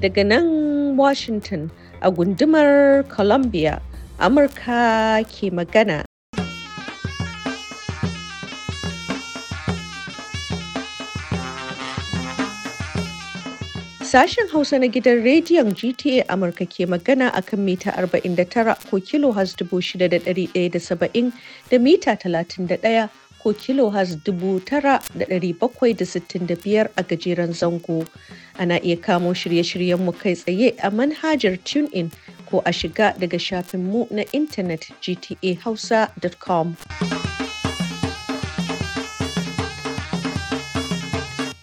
Daga nan Washington a gundumar Columbia, Amurka ke magana. Sashen Hausa na gidan rediyon GTA Amurka ke magana a kan mita 49 ko kilo 6,170 da mita 31 ko kilo dubu tara da sittin da biyar a gajeren zango. Ana iya kamo shirye-shiryenmu kai tsaye a manhajar TuneIn ko a shiga daga shafinmu na intanet gtahausa.com.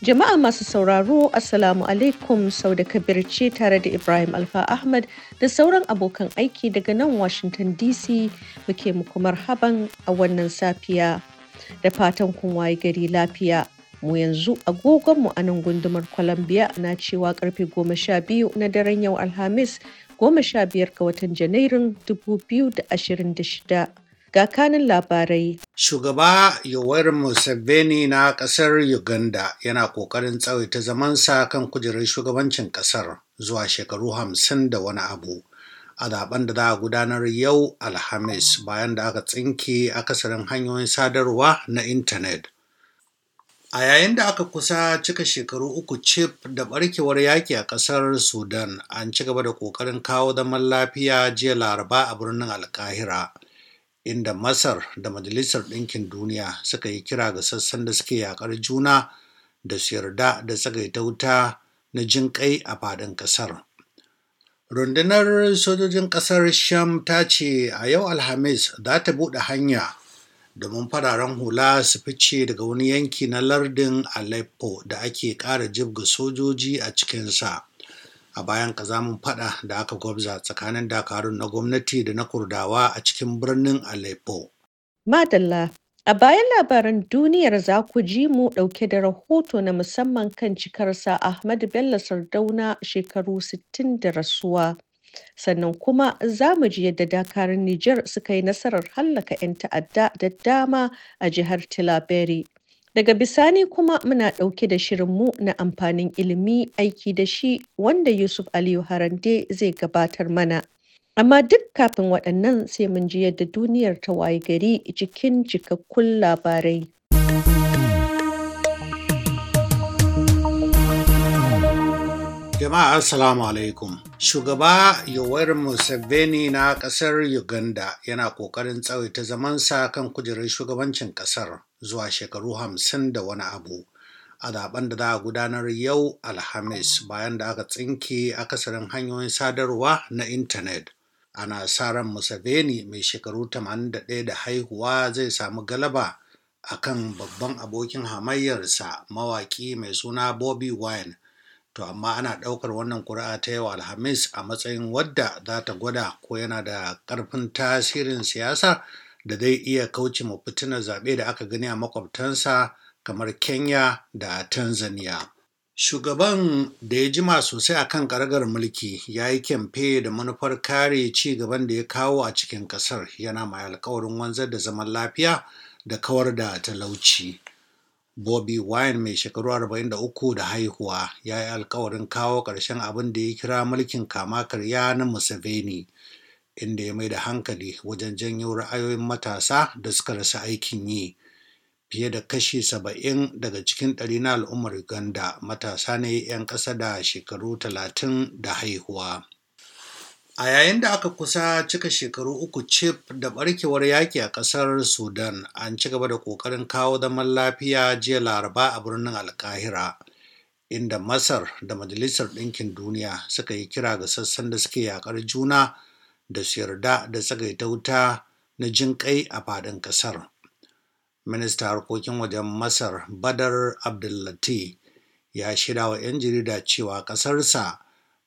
Jama'a masu sauraro, Assalamu alaikum sau da kabir ce tare da Ibrahim Alfa Ahmad da sauran abokan aiki daga nan Washington DC muke muku marhaban a wannan safiya. da fatan kun waye gari lafiya mu yanzu mu a nan gundumar Colombia na cewa karfe goma sha biyu na daren yau Alhamis goma sha biyar ga watan Janairun 2026. Ga kanin labarai. Shugaba Yoweri Museveni na ƙasar Uganda yana ƙoƙarin tsawaita zamansa kan kujerar shugabancin ƙasar zuwa shekaru hamsin da wani abu. a zaben da za a gudanar yau alhamis bayan da aka tsinke akasarin hanyoyin sadarwa na intanet a yayin da aka kusa cika shekaru uku cif da barkewar yaki a kasar sudan an ci gaba da ƙoƙarin kawo zaman lafiya jiya laraba a birnin alkahira inda masar da majalisar ɗinkin duniya suka yi kira ga sassan da suke yaƙar juna da su yarda da tsagaita wuta na jinƙai a faɗin ƙasar Rundunar sojojin ƙasar Sham ta ce a yau Alhamis za ta buɗe hanya domin fararen hula su fice daga wani yanki na lardin Aleppo da ake ƙara jibga sojoji a cikinsa. A bayan ƙazamin fada da aka gwabza tsakanin dakarun na gwamnati da na kurdawa a cikin birnin Aleppo. Madalla A bayan labaran duniyar za ku ji mu ɗauke da rahoto na musamman kan cikarsa Ahmadu Bello Sardauna shekaru 60 da rasuwa. Sannan kuma za mu ji yadda dakarun Nijar suka yi nasarar hallaka 'yan ta'adda da dama a jihar Tilaberi. Daga bisani kuma muna ɗauke da shirinmu na amfanin ilimi aiki da shi wanda Yusuf Aliyu Harande zai gabatar mana. Amma duk kafin waɗannan sai mun ji yadda duniyar ta wayi gari cikin cikakkun labarai. Jama'a Assalamu alaikum. Shugaba Yoweri Museveni na ƙasar Uganda yana ƙoƙarin tsawaita zamansa kan kujerar shugabancin ƙasar zuwa shekaru hamsin da wani abu. A zaben da za a gudanar yau Alhamis bayan da aka tsinke akasarin hanyoyin sadarwa na intanet ana sa ran museveni mai shekaru 81 da haihuwa zai samu galaba a kan babban abokin hamayyarsa mawaki mai suna bobby wine to amma ana ɗaukar wannan ƙuri'a ta yau alhamis a matsayin wadda za ta gwada ko yana da ƙarfin tasirin siyasa da zai iya kauce ma fitinar zaɓe da aka gani a makwabtansa kamar kenya da tanzania Shugaban da ya jima sosai a kan ƙargar mulki ya yi kyamfe da manufar kare ci gaban da ya kawo a cikin ƙasar yana mai alkawarin wanzar da zaman lafiya da kawar da talauci. Bobby Wine mai shekaru 43 da haihuwa ya yi alkawarin kawo ƙarshen abin da ya kira mulkin kama karya na Museveni inda ya mai da hankali wajen janyo ra'ayoyin matasa da suka rasa aikin yi. fiye da kashi saba'in daga cikin ɗari na al'ummar Uganda matasa ne 'yan ƙasa da shekaru talatin da haihuwa. A yayin da aka kusa cika shekaru uku cif da barkewar yaƙi a ƙasar Sudan, an ci gaba da ƙoƙarin kawo zaman lafiya jiya Laraba a birnin Alkahira, inda Masar da Majalisar Ɗinkin Duniya suka yi kira ga sassan da suke yaƙar juna da su yarda da tsagaita wuta na jinƙai a faɗin ƙasar. minista harkokin wajen masar badar abdullati ya shirya wa 'yan jarida cewa ƙasarsa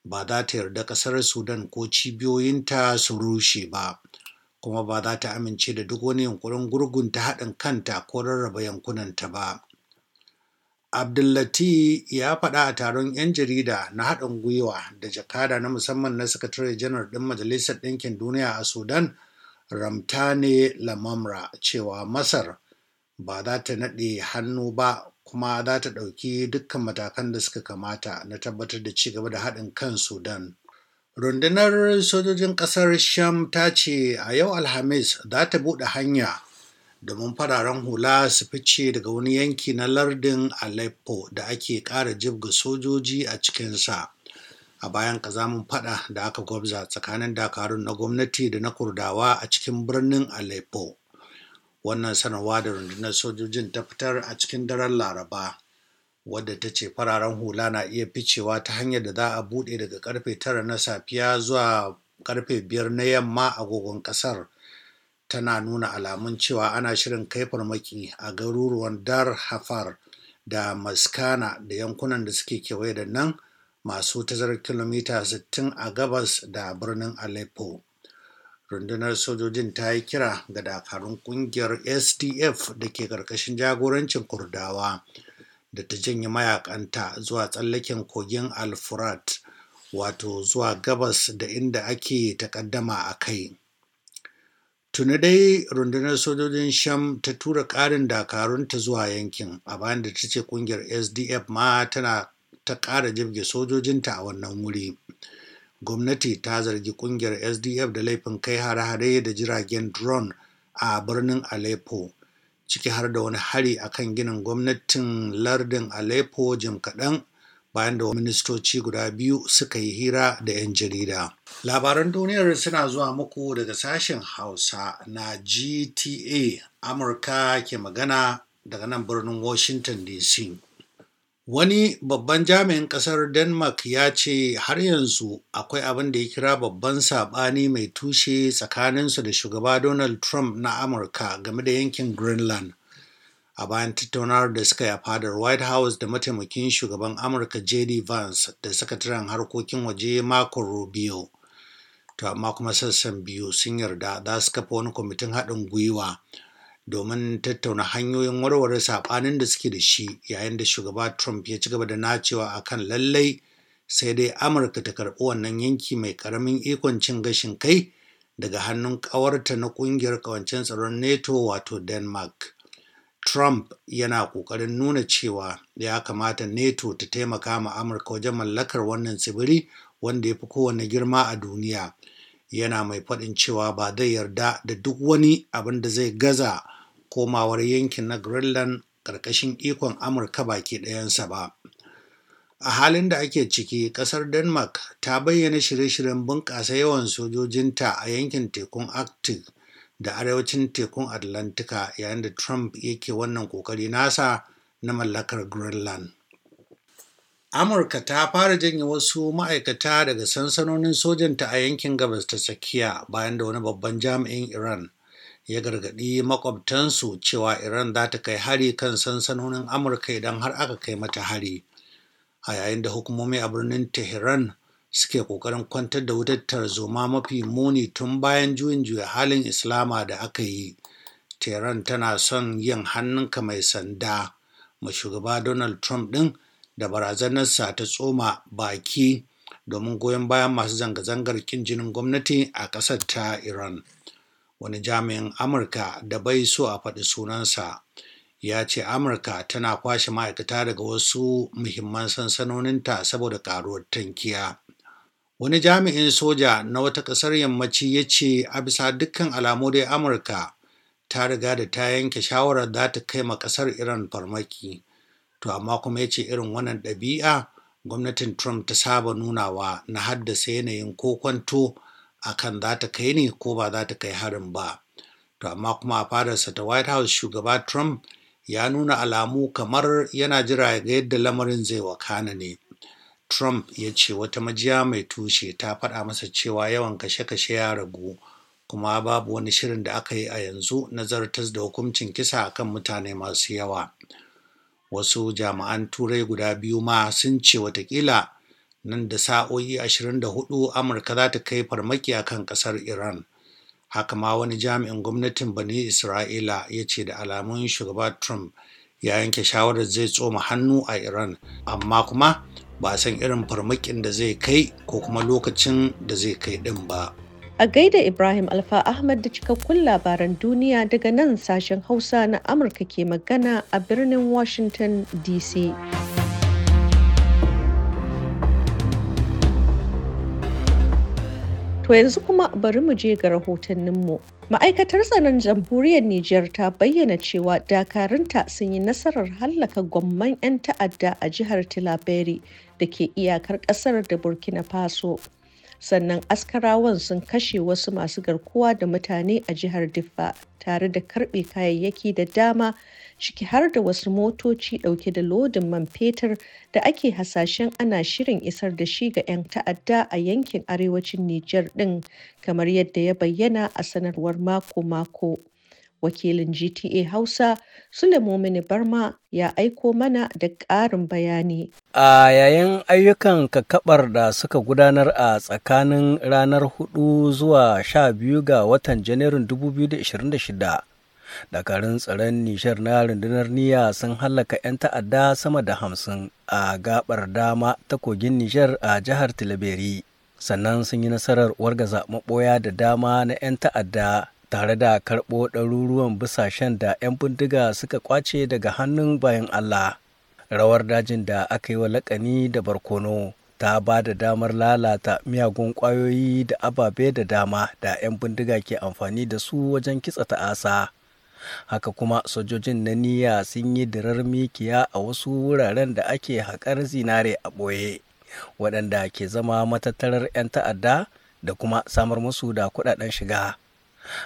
ba za ta yarda ƙasar sudan ko cibiyoyinta su rushe ba kuma ba za ta amince da duk wani yunkurin gurgunta haɗin kanta ko rarraba yankunanta ba abdullati ya faɗa a taron 'yan jarida na haɗin gwiwa da jakada na musamman na sakatare janar ɗin majalisar ɗinkin duniya a sudan ramtane lamamra cewa masar ba za ta naɗe hannu ba kuma za ta ɗauki dukkan matakan da suka kamata na tabbatar da cigaba da haɗin kan sudan rundunar sojojin ƙasar sham ta ce a yau alhamis za ta buɗe hanya domin fararen hula su fice daga wani yanki na lardin aleppo da ake ƙara jibga sojoji a cikinsa a bayan ƙazamin faɗa da aka gwabza tsakanin dakarun na gwamnati da na kurdawa a cikin birnin aleppo wannan sanarwa da rundunar sojojin ta fitar a cikin daren laraba wadda ta ce fararen hula na iya ficewa ta hanyar da za a buɗe daga karfe tara na safiya zuwa karfe biyar na yamma agogon kasar, tana nuna alamun cewa ana shirin kai farmaki a garuruwan dar hafar da maskana da yankunan da suke kewaye da nan masu tazarar kilomita 60 a gabas da birnin aleppo rundunar sojojin ta yi kira ga dakarun kungiyar sdf da ke karkashin jagorancin kurdawa da ta janye mayakanta zuwa tsallaken kogin alfurat wato zuwa gabas da inda ake takaddama a kai tuni dai rundunar sojojin sham ta tura ƙarin dakarunta zuwa yankin a bayan da ta ce kungiyar sdf ma tana ta ƙara jirge sojojinta a wannan wuri Gwamnati ta zargi kungiyar SDF da laifin kai hare-hare da jiragen drone a birnin Aleppo, ciki har da wani hari a kan ginin gwamnatin lardin Aleppo jim kaɗan bayan da ministoci guda biyu suka yi hira da 'yan jarida. Labaran duniyar suna zuwa muku daga sashen Hausa na GTA Amurka ke magana daga nan birnin Washington DC. Wani babban jami'in ƙasar Denmark ya ce har yanzu akwai abin da ya kira babban saɓani mai tushe tsakaninsu da shugaba Donald Trump na Amurka game da yankin Greenland. A bayan tattaunawar da suka yi a fadar White House da mataimakin shugaban Amurka JD Vance da sakataren harkokin waje makon Rubio. To amma kuma sassan biyu sun yarda za su kafa wani kwamitin haɗin gwiwa. domin tattauna hanyoyin warware saɓanin da suke da shi yayin da shugaba Trump ya ci gaba da nacewa a kan lallai sai dai Amurka ta karɓi wannan yanki mai ƙaramin ikon cin gashin kai daga hannun ƙawarta na ƙungiyar ƙawancen tsaron NATO wato Denmark. Trump yana ƙoƙarin nuna cewa ya kamata NATO ta taimaka ma Amurka wajen mallakar wannan tsibiri wanda ya fi kowane girma a duniya. Yana mai faɗin cewa ba zai yarda da duk wani abin da zai gaza komawar yankin na Greenland ƙarƙashin ikon Amurka baki ɗayansa ba. A halin da ake ciki, ƙasar Denmark ta bayyana shirye-shiryen bunƙasa yawan sojojinta a yankin tekun Arctic da arewacin tekun Atlantika yayin da Trump yake wannan ƙoƙari nasa na mallakar Greenland. Amurka ta fara janye wasu ma'aikata daga sansanonin sojanta a yankin gabas ta tsakiya bayan da wani babban jami'in Iran ya gargaɗi makwabtansu cewa Iran za ta kai hari kan sansanonin Amurka idan har aka kai mata hari. A yayin da hukumomi a birnin Tehran suke ƙoƙarin kwantar da wutar tarzoma mafi muni tun bayan juyin juya halin Islama da aka yi. Tehran tana son yin hannunka mai sanda ma shugaba Donald Trump ɗin da barazanarsa ta tsoma baki domin goyon bayan masu zanga-zangar kin jinin gwamnati a ƙasar ta Iran. wani jami'in amurka da bai so a faɗi sunansa ya ce amurka tana kwashe ma'aikata daga wasu muhimman sansanoninta saboda ƙaruwar tankiya wani jami'in soja na wata ƙasar yammaci ya ce a bisa dukkan alamu dai amurka ta riga da ta yanke shawarar za ta kai ma ƙasar iran farmaki to amma kuma ya ce irin wannan ɗabi'a gwamnatin trump ta saba nunawa na haddasa yanayin kokwanto akan za ta kai ne ko ba za ta kai harin ba to amma kuma a fadarsa ta white house shugaba trump ya nuna alamu kamar yana jira ga yadda lamarin zai wakana ne trump ya ce wata majiya mai tushe ta faɗa masa cewa yawan kashe-kashe ya ragu kuma babu wani shirin da aka yi a yanzu na zartas da hukuncin kisa akan mutane masu yawa wasu jami'an turai guda biyu ma sun ce watakila nan da sa'o'i 24 amurka za ta kai farmaki a kan kasar iran haka ma wani jami'in gwamnatin bani isra'ila ya ce da alamun shugaba trump ya yanke shawarar zai tsoma hannu a iran amma kuma ba san irin farmakin da zai kai ko kuma lokacin da zai kai din ba a gaida ibrahim alfa ahmad da cikakkun labaran duniya daga nan sashen hausa na amurka ke magana a birnin washington dc To yanzu kuma bari mu je ga rahotanninmu. Ma'aikatar tsaron jamhuriyar Nijar ta bayyana cewa dakarunta sun yi nasarar hallaka gwamman 'yan ta'adda a jihar Tilaberi da ke iyakar ƙasar da Burkina Faso. sannan askarawan sun kashe wasu masu garkuwa da mutane a jihar diffa tare da karbe kayayyaki da dama ciki har da wasu motoci dauke da lodin man fetur da ake hasashen ana shirin isar da shi ga 'yan ta'adda a yankin arewacin niger din kamar yadda ya bayyana a sanarwar mako-mako wakilin gta hausa sulemomini barma ya aiko mana da ƙarin bayani A yayin ayyukan kakabar da suka gudanar a tsakanin ranar 4 zuwa 12 ga watan Janairun 2026, dakarun tsaron nishar na rundunar niyya sun hallaka 'yan ta'adda sama da hamsin a gabar dama ta kogin nishar a jihar Tilaberi. Sannan sun yi nasarar wargaza maɓoya da dama na 'yan ta'adda tare da karɓo ɗaruruwan bisashen da 'yan bindiga suka kwace daga hannun bayan Allah. rawar dajin da aka yi wa lakani da barkono ta ba da damar lalata miyagun kwayoyi da ababe da dama da 'yan bindiga ke amfani da su wajen kitsa ta'asa haka kuma sojojin na niyya sun yi dirar mikiya a wasu wuraren da ake haƙar zinare a ɓoye waɗanda ke zama matattarar 'yan ta'adda da kuma samar musu da kuɗaɗen shiga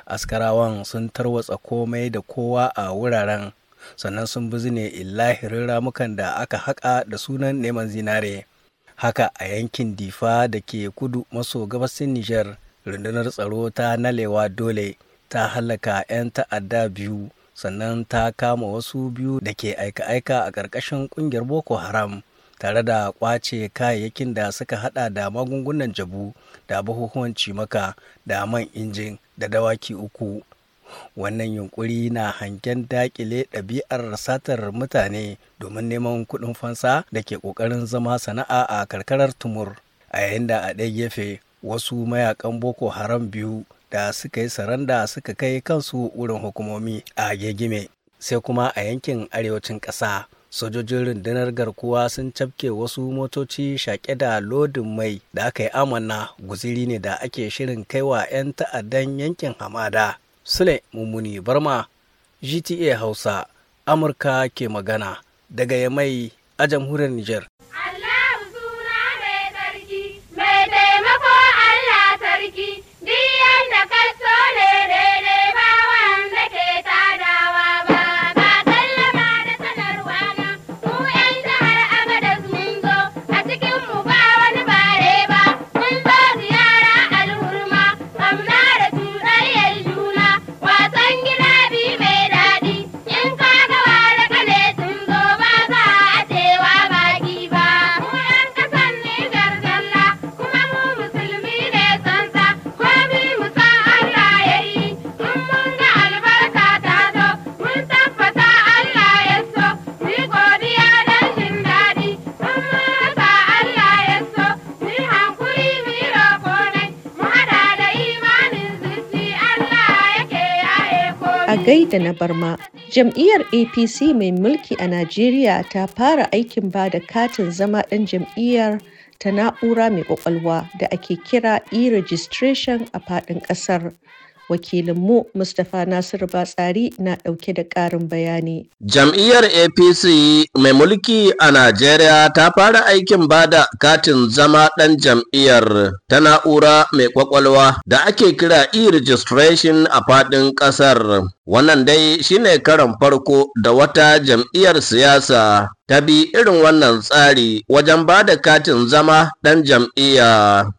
askarawan sun tarwatsa komai da kowa a wuraren sannan sun bi zine illahirin ramukan da aka haƙa da sunan neman zinare haka a yankin difa da ke kudu maso gabasin nijar rundunar tsaro ta nalewa dole ta halaka 'yan ta'adda biyu sannan ta kama wasu biyu da ke aika-aika a ƙarƙashin ƙungiyar boko haram tare da ƙwace kayayyakin da suka hada da magungunan jabu da buhuhuwan cimaka da man injin da dawaki uku wannan yunkuri na hangen dakile ɗabi'ar satar mutane domin neman kuɗin fansa da ke ƙoƙarin zama sana'a a karkarar tumur a yayin da a ɗaya gefe wasu mayakan boko haram biyu da suka yi saranda suka kai kansu wurin hukumomi a gegime sai kuma a yankin arewacin ƙasa sojojin rundunar garkuwa sun cafke wasu motoci shaƙe da lodin mai da aka yi amanna guziri ne da ake shirin kaiwa 'yan ta'addan yankin hamada Sule Mummuni Barma, GTA Hausa, Amurka ke magana daga Yamai a jamhuriyar Nijar. da na Barma. Jam'iyyar APC mai mulki a Najeriya ta fara aikin ba da katin zama ɗan jam'iyyar ta na'ura mai ƙwaƙwalwa da ake kira e-registration a faɗin ƙasar. wakilinmu Mustapha Nasiru Batsari na ɗauke da ƙarin bayani. Jam'iyyar APC mai mulki a Najeriya ta fara aikin ba da katin zama ɗan jam'iyyar ta na'ura mai ƙwaƙwalwa da ake kira e-registration a faɗin ƙasar. Wannan dai shine karan farko da wata jam'iyyar siyasa ta bi irin wannan tsari wajen ba da katin zama ɗan jam'iyya.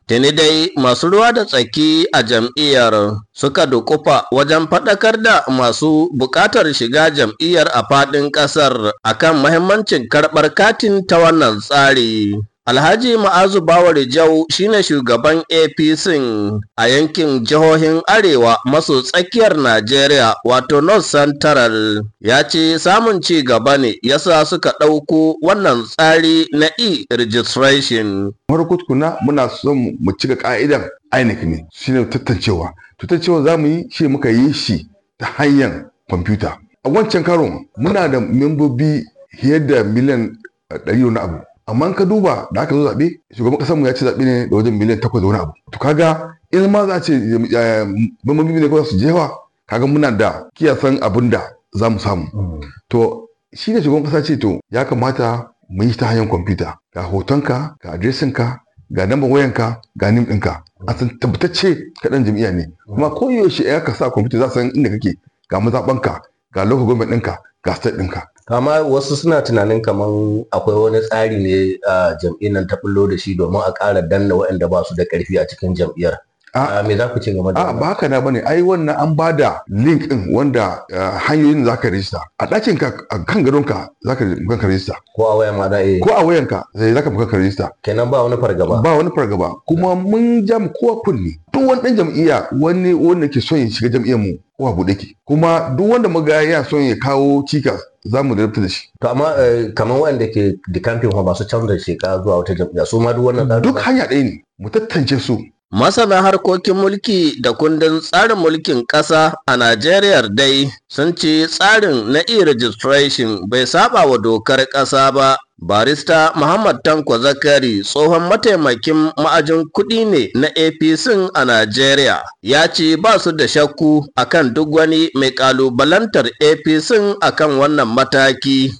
Tuni dai masu ruwa da tsaki a jam'iyyar suka dukufa wajen faɗakar da masu buƙatar shiga jam'iyyar a faɗin ƙasar akan mahimmancin karɓar katin ta wannan tsari. Alhaji Ma'azu Bawar Jau shine shugaban APC a yankin jihohin Arewa maso tsakiyar Najeriya wato North Central ya ce samun ci gaba ne yasa suka ɗauko wannan tsari na e-registration. Kuna muna son mu cika ka'idan INEC ne shine tattancewa. Tattancewa za mu yi shi muka yi shi ta hanyar kwamfuta. A wancan karo muna da membobi fiye da miliyan ɗari abu. amma ka duba da aka zo zaɓe shugaban ƙasar mu ya ce zaɓe ne da wajen miliyan takwas da wani abu to kaga in ma za a ce mambobi ne kawai su jewa kaga muna da kiyasan abin da za mu samu to shi ne shugaban ƙasa ce to ya kamata mu yi ta hanyar kwamfuta ga hotonka ga adresinka ga namban wayanka ga nim ɗinka a san tabbatacce ka ɗan jam'iyya ne kuma ko yaushe ya ka sa kwamfuta za san inda kake ga mazaɓanka ga local government ɗinka ga state ɗinka kama wasu suna tunanin kamar akwai wani tsari ne a ah, jam'iyyar nan ta bullo da shi domin a ƙara danna waɗanda ba su da ƙarfi a cikin jam'iyyar Ah, me za ku ci gaba da ba haka na bane ai wannan an ba da link din wanda eh, hanyoyin za ka rijista a ɗakin ka kan gadon ka za ka mukan rijista ko a wayan ma da eh ko a wayan ka sai eh, za ka mukan rijista kenan ba wani fargaba ba wani fargaba kuma mun jam kowa kunni duk wani dan jam'iyya wani wanda ke son ya shiga jam'iyyar mu kowa buɗe ke kuma duk wanda muga ya son ya kawo cikas za mu rubuta da shi. To amma eh, kamar wanda ke da kamfin ba su canza shekara zuwa wata jam'iyya su ma duk wannan Duk hanya ɗaya ne mu tattance su Masana harkokin mulki da kundin tsarin mulkin ƙasa a Najeriya dai sun ce tsarin na e-registration bai saba wa dokar ƙasa ba barista muhammad tanko zakari tsohon mataimakin ma'ajin kuɗi ne na apc a najeriya ya ce ba su da shakku a kan duk wani mai kalubalantar apc a kan wannan mataki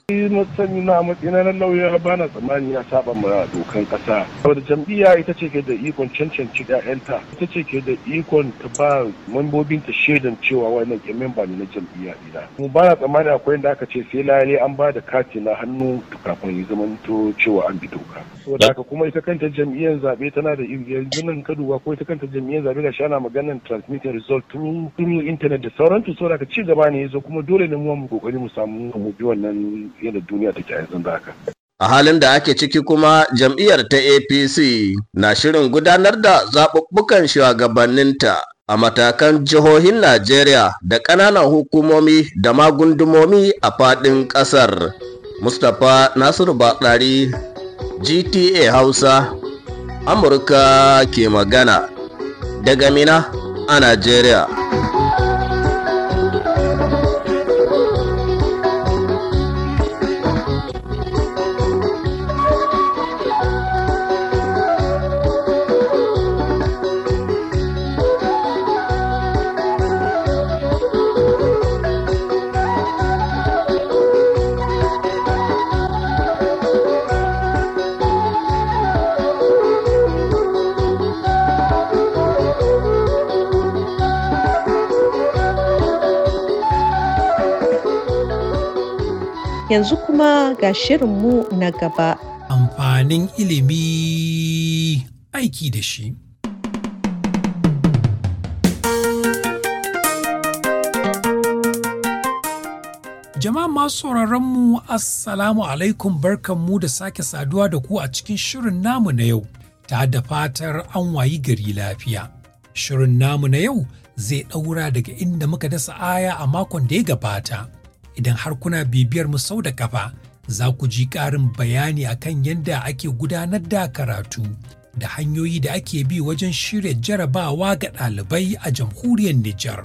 sani na matsina na lauya ba na tsammani ya saba mana dokan ƙasa saboda jam'iyya ita ce ke da ikon cancanci 'ya'yanta ita ce ke da ikon ta ba ta shaidan cewa wannan ke memba ne na jam'iyya ina mu ba na tsammani akwai inda aka ce sai lalai an ba da kati na hannu kafin zamanto cewa an bi doka. saboda haka kuma ita kanta jam'iyyar zaɓe tana da yanzu nan ka duba ko ita kanta jam'iyyar zaɓe ga shana maganar transmitting result through through internet da sauran to saboda haka ci gaba ne yazo kuma dole ne mu mu kokari mu samu mu bi wannan yadda duniya take a yanzu haka. A halin da ake ciki kuma jam'iyyar ta APC na shirin gudanar da zaɓuɓɓukan shugabanninta a matakan jihohin Najeriya da ƙananan hukumomi da magundumomi a faɗin ƙasar. mustapha nasiru batsari gta hausa amurka ke magana daga mina a najeriya Yanzu kuma ga shirinmu na gaba. Amfanin ilimi aiki da shi. Jama'a masu mu Assalamu alaikum barkanmu da sake saduwa da ku a cikin shirin namu na yau, ta da fatar an wayi gari lafiya. Shirin namu na yau zai ɗaura daga inda muka dasa aya a makon da ya gabata. idan har kuna bibiyar mu sau da kafa za ku ji ƙarin bayani akan yadda ake gudanar da karatu da hanyoyi da ake bi wajen shirya jarabawa ga ɗalibai a jamhuriyar Nijar.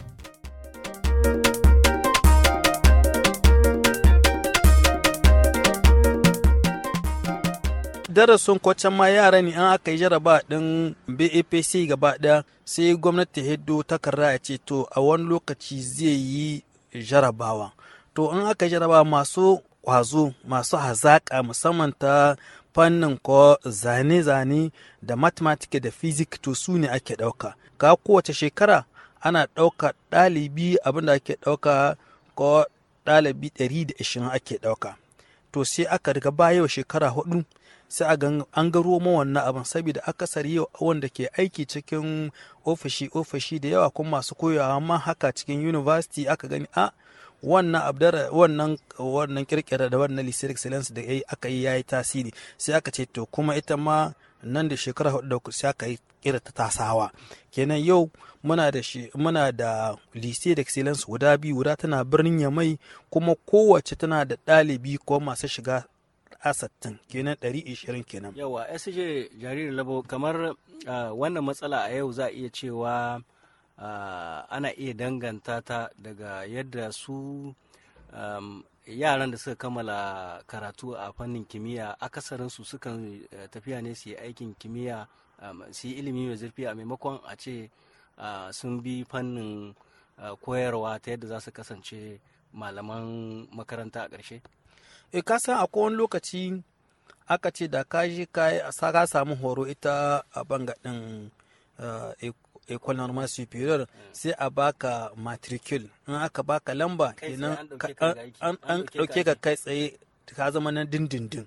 darasin kwacan ma yara ne an aka yi jaraba ɗin bapc gaba ɗaya sai gwamnati hiddo takarda ya ce to a wani lokaci zai yi jarabawa to in aka jaraba masu kwazo masu hazaƙa musamman ta fannin ko zane-zane da mathematics da physics to su ne ake ɗauka ga kowace shekara ana ɗauka ɗalibi abinda ake ɗauka ko ɗalibi 120 ake ɗauka to sai aka riga bayo shekara hudu sai a an garo ma wannan abin saboda akasari yau wanda ke aiki cikin ofishi ofishi da yawa kuma masu koyawa ma haka cikin university aka gani a wannan abdar wannan wannan kirkira da wannan lisir excellence da aka yi yayi tasiri sai aka ce to kuma ita ma nan da shekara hudu da sai aka yi kira ta tasawa kenan yau muna da shi muna da lycée d'excellence guda biyu guda tana birnin yamai kuma kowace tana da ɗalibi ko masu shiga asattin kenan 120 kenan yawa sj jaririn labo kamar ah, wannan matsala a yau za a iya cewa Ah, ana iya danganta ta daga yadda su um, yaran da suka kammala karatu a fannin kimiyya akasarinsu sukan eh, tafiya ne su yi aikin kimiyya um, su yi ilimi mai zurfi a maimakon a ce ah, sun bi fannin ah, koyarwa ta yadda za su kasance malaman makaranta a ƙarshe? e kasan a kowane lokaci aka ce da ka je ka samu horo ita a bangaɗin eh, ecole eh, normal superior hmm. sai a baka matricule in aka baka lamba kenan an dauke ka kai tsaye ka zama na dindindin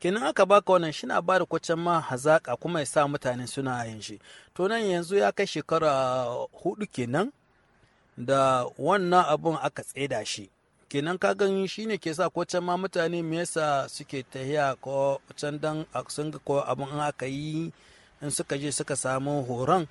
kenan aka baka wannan shi na ba da kwacen ma hazaƙa kuma ya sa mutane suna yin shi to nan yanzu ya kai shekara hudu kenan da wannan abun aka tsaida shi kenan ka gani shi ne ke sa ko ma mutane me yasa suke tahiya ko can dan sun ga ko abun aka yi in suka je suka samu horon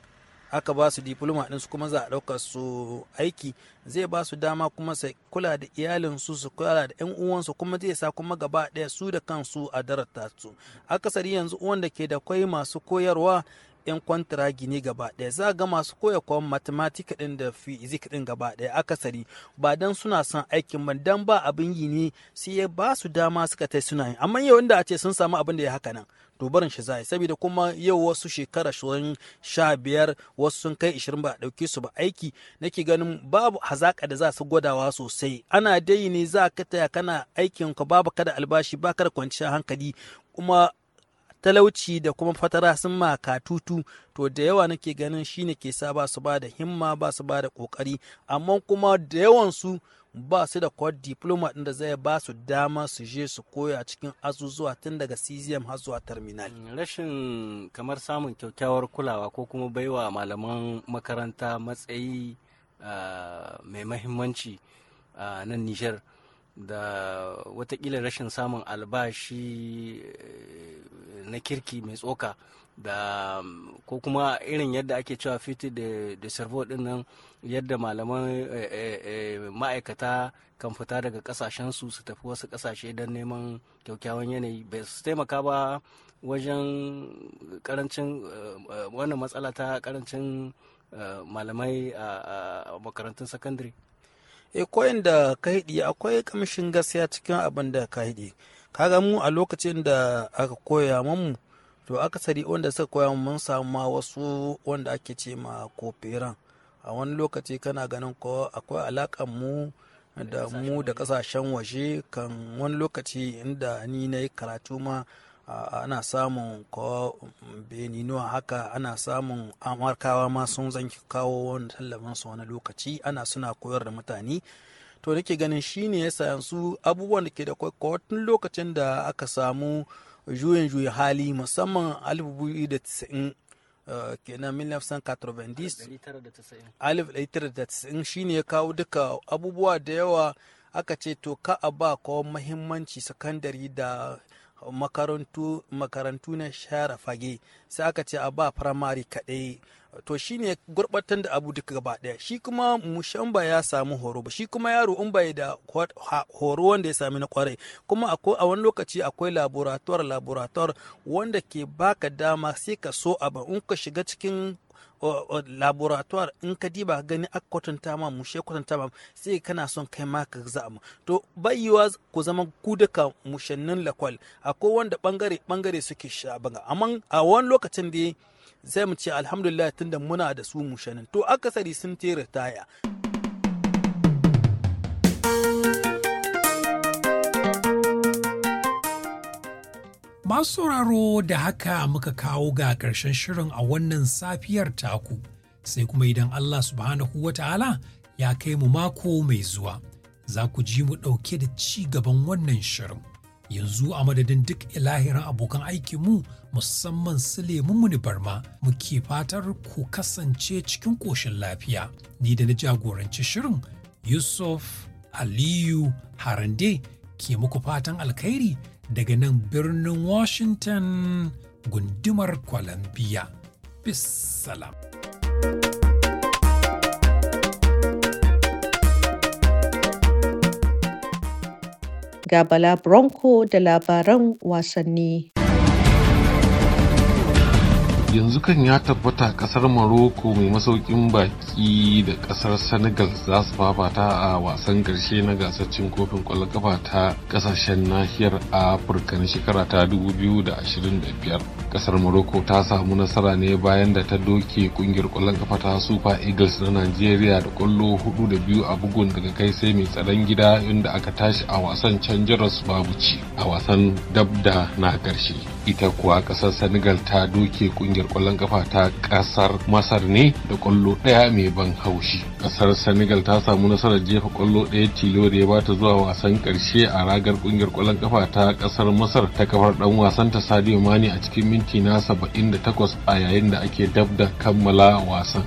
aka ba su diploma ɗinsu kuma za a ɗauka su aiki zai ba su dama kuma su kula da iyalinsu su kula da 'yan uwansu kuma zai sa kuma gaba ɗaya su da kansu a darata su akasari yanzu wanda ke da kwai masu koyarwa 'yan kwantara gini gaba ɗaya za ga masu koya kwan matematika ɗin da fizik ɗin gaba ɗaya akasari ba don suna son aikin ba don ba abin yi ne sai ya ba su dama suka tai suna yi amma yau inda a ce sun samu abin da ya haka nan to shi za saboda kuma yau wasu shekara shirin sha biyar wasu sun kai ishirin ba a ɗauke su ba aiki nake ganin babu hazaƙa da za su gwadawa sosai ana dai ne za ka taya kana aikin ka babu kada albashi ba kada kwanciyar hankali kuma talauci da kuma fatara sun maka tutu to da yawa nake ganin shine ke sa ba su ba da himma ba su ba da kokari amma kuma da yawan su ba su da kwa diploma din da zai ba su dama su je su koya cikin azuzuwa tun daga cgm har zuwa terminal hmm, rashin kamar samun kyakkyawar kulawa ko kuma baiwa malaman makaranta matsayi ah, mai muhimmanci a ah, nan nijar da watakila rashin samun albashi eh, na kirki mai tsoka da ko kuma irin yadda ake cewa fiti da servo din nan yadda malaman eh, eh, ma'aikata kan fita daga kasashensu su tafi wasu kasashe don neman kyaukyawan yanayi bai su taimaka ba wajen karancin wannan matsala ta karancin malamai a makarantun sakandare e koyin da ka hidi akwai kamshin gaskiya cikin abin da ka hidi kaga mu a lokacin da aka koya mamu to aka sari wanda suka koya mun samu ma wasu wanda ake ce ma kofiran a wani lokaci kana ganin ko akwai alakan mu da mu da kasashen waje kan wani lokaci inda ni na yi karatu ma ana samun ko beninuwa haka ana samun amurkawa ma sun zanki kawo wani tallafin su wani lokaci ana suna koyar da mutane to nake ganin shine ya yanzu abubuwan da ke da kwakwatin lokacin da aka samu juyin juyin hali musamman 1990 eh, kenan 1990 shine ya kawo duka abubuwa da yawa aka ce to ka a ba kawo mahimmanci sakandare da makarantu, makarantu na share fage sai aka ce a ba firamare kaɗai to shi ne da abu duka gaba ɗaya shi kuma mushamba ya samu horo ba shi kuma yaro in bai da horo wanda ya sami na kwarai kuma a wani lokaci akwai laboratoire laboratoire wanda ke baka dama sai ka so abu in ka shiga cikin laboratoire in ka diba gani aka kwatanta ma mu mushe kwatanta ma sai kana son kai ma ka za mu to bayyuwa ku zama ku duka mushannin lakwal akwai wanda bangare bangare suke sha banga amma a wani lokacin da sai mu ce alhamdulillah tunda muna da su mushannin to akasari sun tera taya Masu sauraro da haka muka kawo ga ƙarshen shirin a wannan safiyar taku, sai kuma idan Allah subhanahu wa ta'ala ya kai mu mako mai zuwa, za ku ji mu ɗauke da ci gaban wannan shirin. Yanzu a madadin duk ilahirin abokan aikinmu musamman su muni barma muke fatar ku kasance cikin ƙoshin lafiya. Ni da na jagoranci shirin Yusuf Aliyu Harande ke muku fatan alkhairi. daga nan birnin Washington gundumar Columbia. Bis salam. Ga Bala Bronco da labaran wasanni. yanzu kan ya tabbata kasar Morocco mai masaukin baki da kasar Senegal za su fafata a wasan karshe na gasar cin kofin kwallon kafa ta kasashen nahiyar Afirka na shekara ta 2025. Kasar Morocco ta samu nasara ne bayan da ta doke kungiyar kwallon kafa ta Super Eagles na Najeriya da kwallo hudu da biyu a bugun daga kai sai mai tsaron gida inda aka tashi a wasan can babu babuci, a wasan dabda na karshe. Ita kuwa kasar Senegal ta doke kungiyar ƙungiyar ƙwallon kafa ta ƙasar Masar ne da ƙwallo ɗaya mai ban haushi. Ƙasar Senegal ta samu nasarar jefa ƙwallo ɗaya tilo da ya bata zuwa wasan ƙarshe a ragar ƙungiyar ƙwallon kafa ta ƙasar Masar ta kafar ɗan wasan ta Sadio mani a cikin minti na takwas a yayin da ake dab da kammala wasan.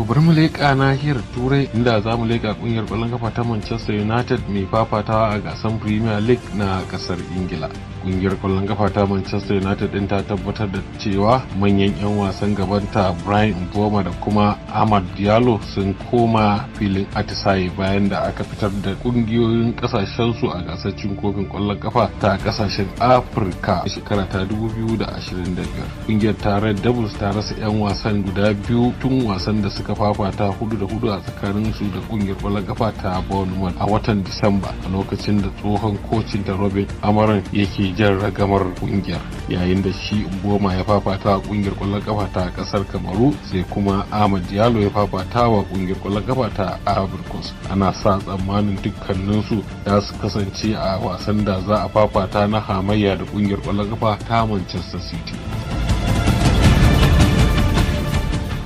To bari mu leƙa nahiyar Turai inda za mu leƙa ƙungiyar ƙwallon kafa ta Manchester United mai fafatawa a gasar Premier League na ƙasar Ingila. Ƙungiyar ƙwallon kafa ta Manchester United ɗin ta tabbatar da cewa manyan 'yan wasan gabanta Brian boma da kuma Ahmad Diallo sun koma filin atisaye bayan da aka fitar da ƙungiyoyin ƙasashensu a gasar cin kofin ƙwallon kafa ta ƙasashen Afirka shekara ta 2025. Ƙungiyar ta Red ta rasa 'yan wasan guda biyu tun wasan da suka kafafa ta hudu da hudu a tsakanin su da kungiyar kwallon kafa ta Bournemouth a watan Disamba a lokacin da tsohon kocin da Robin Amaran yake jan ragamar kungiyar yayin da shi Mboma ya fafata a kungiyar kwallon kafa ta kasar Kamaru sai kuma Ahmad Diallo ya fafata wa kungiyar kwallon kafa ta Ivory Coast ana sa tsammanin dukkanin su za su kasance a wasan da za a fafata na hamayya da kungiyar kwallon kafa ta Manchester City.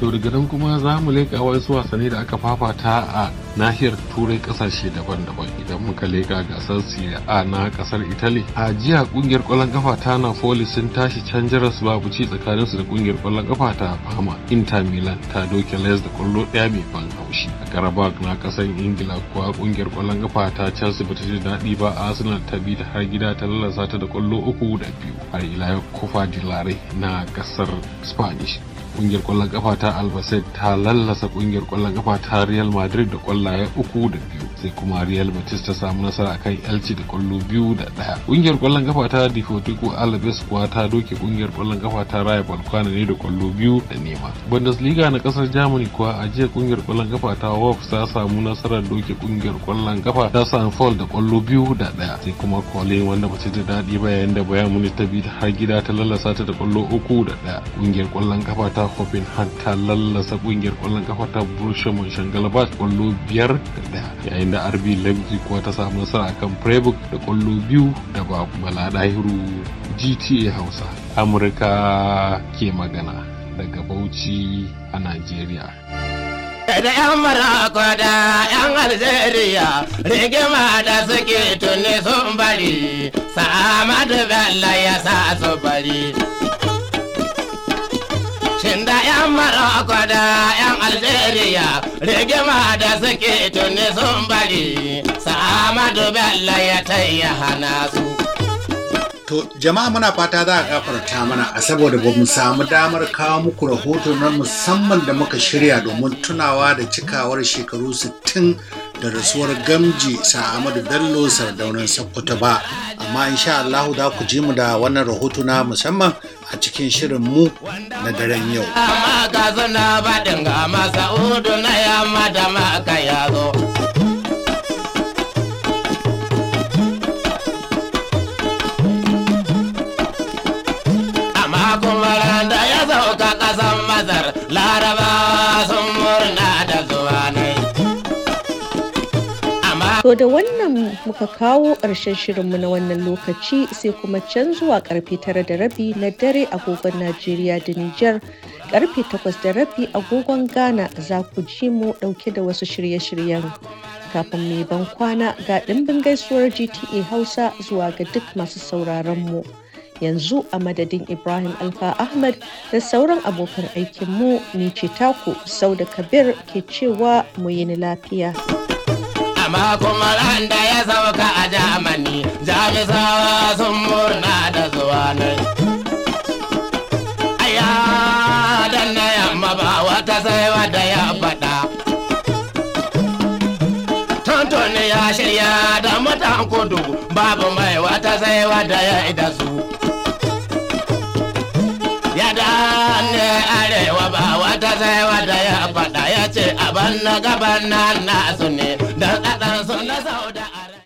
to daga nan kuma za mu leƙa wasu wasanni da aka fafata a nahiyar turai kasashe daban-daban idan muka leƙa gasar siya A na kasar Italy a jiya kungiyar kwallon kafa ta foli sun tashi can jaras babu ci tsakanin su da kungiyar kwallon kafa ta fama Inter Milan ta doke Les da kwallo ɗaya mai ban haushi a Karabag na kasar Ingila kuwa kungiyar kwallon kafa ta Chelsea bata ji daɗi ba Arsenal ta bi ta har gida ta lalasa ta da kwallo uku da biyu har ila kofa di lare na kasar Spanish kungiyar kwallon kafa ta albacete ta lallasa kungiyar kwallon kafa ta real madrid da kwallaye uku da biyu sai kuma real betis ta samu nasara akan elche da kwallo biyu da daya kungiyar kwallon kafa ta deportivo alaves kuwa ta doke kungiyar kwallon kafa ta raya balkwana ne da kwallo biyu da nema bundesliga na kasar germany kuwa a jiya kungiyar kwallon kafa ta wolves ta samu nasarar doke kungiyar kwallon kafa ta sanford da kwallo biyu da daya sai kuma kwale wanda ba da daɗi ba yayin da bayan muni ta bi har gida ta lallasa ta da kwallo uku da daya kungiyar kwallon kafa ta Sakofin har ta lallasa kungiyar kwallon kafa ta Borussia Mönchengladbach kwallo biyar da daya yayin da RB Leipzig kuwa ta samu nasara kan Freiburg da kwallo biyu da ba bala dahiru GTA Hausa Amurka ke magana daga Bauchi a Najeriya. da 'yan da 'yan algeria rigima da suke tuni sun bari sa'amadu bello ya sa su bari inda yan maroko da yan algeria rigima da suke tuni sun bari sa'amadu bello ya tayya hana su To jama'a muna fata za a gafarta mana a saboda ba mu samu damar kawo muku rahoto na musamman da muka shirya domin tunawa da cikawar shekaru 60 da rasuwar gamji Sa'amadu Bello sardaunan Sokoto ba. Amma insha Allahu za ku ji mu da wannan rahoto na musamman a cikin shirin mu na daren yau. Amma ga suna baɗin ga masa udu na yamma da maka ya zo. To da wannan muka kawo ƙarshen shirinmu na wannan lokaci sai kuma can zuwa karfe tara da rabi na dare agogon Najeriya da Nijar karfe takwas da rabi agogon Ghana za ku ji mu ɗauke da wasu shirye-shiryen. Kafin mai ban kwana ga ɗimbin gaisuwar GTA Hausa zuwa ga duk masu sauraron mu. yanzu a madadin Ibrahim Alfa Ahmad da sauran abokan aikinmu ne ce taku sau kabir ke cewa mu yi lafiya. amma kuma ran da ya sauka a jamani jamisawa sun murna da zuwa ne aya dan na yamma ba wata sai wada ya faɗa tuntun ya shirya da mutan kudu babu mai wata sai wada ya ida su ya ne arewa ba wata sai wada ya faɗa ya ce abin na gaban nan nasu ne that's how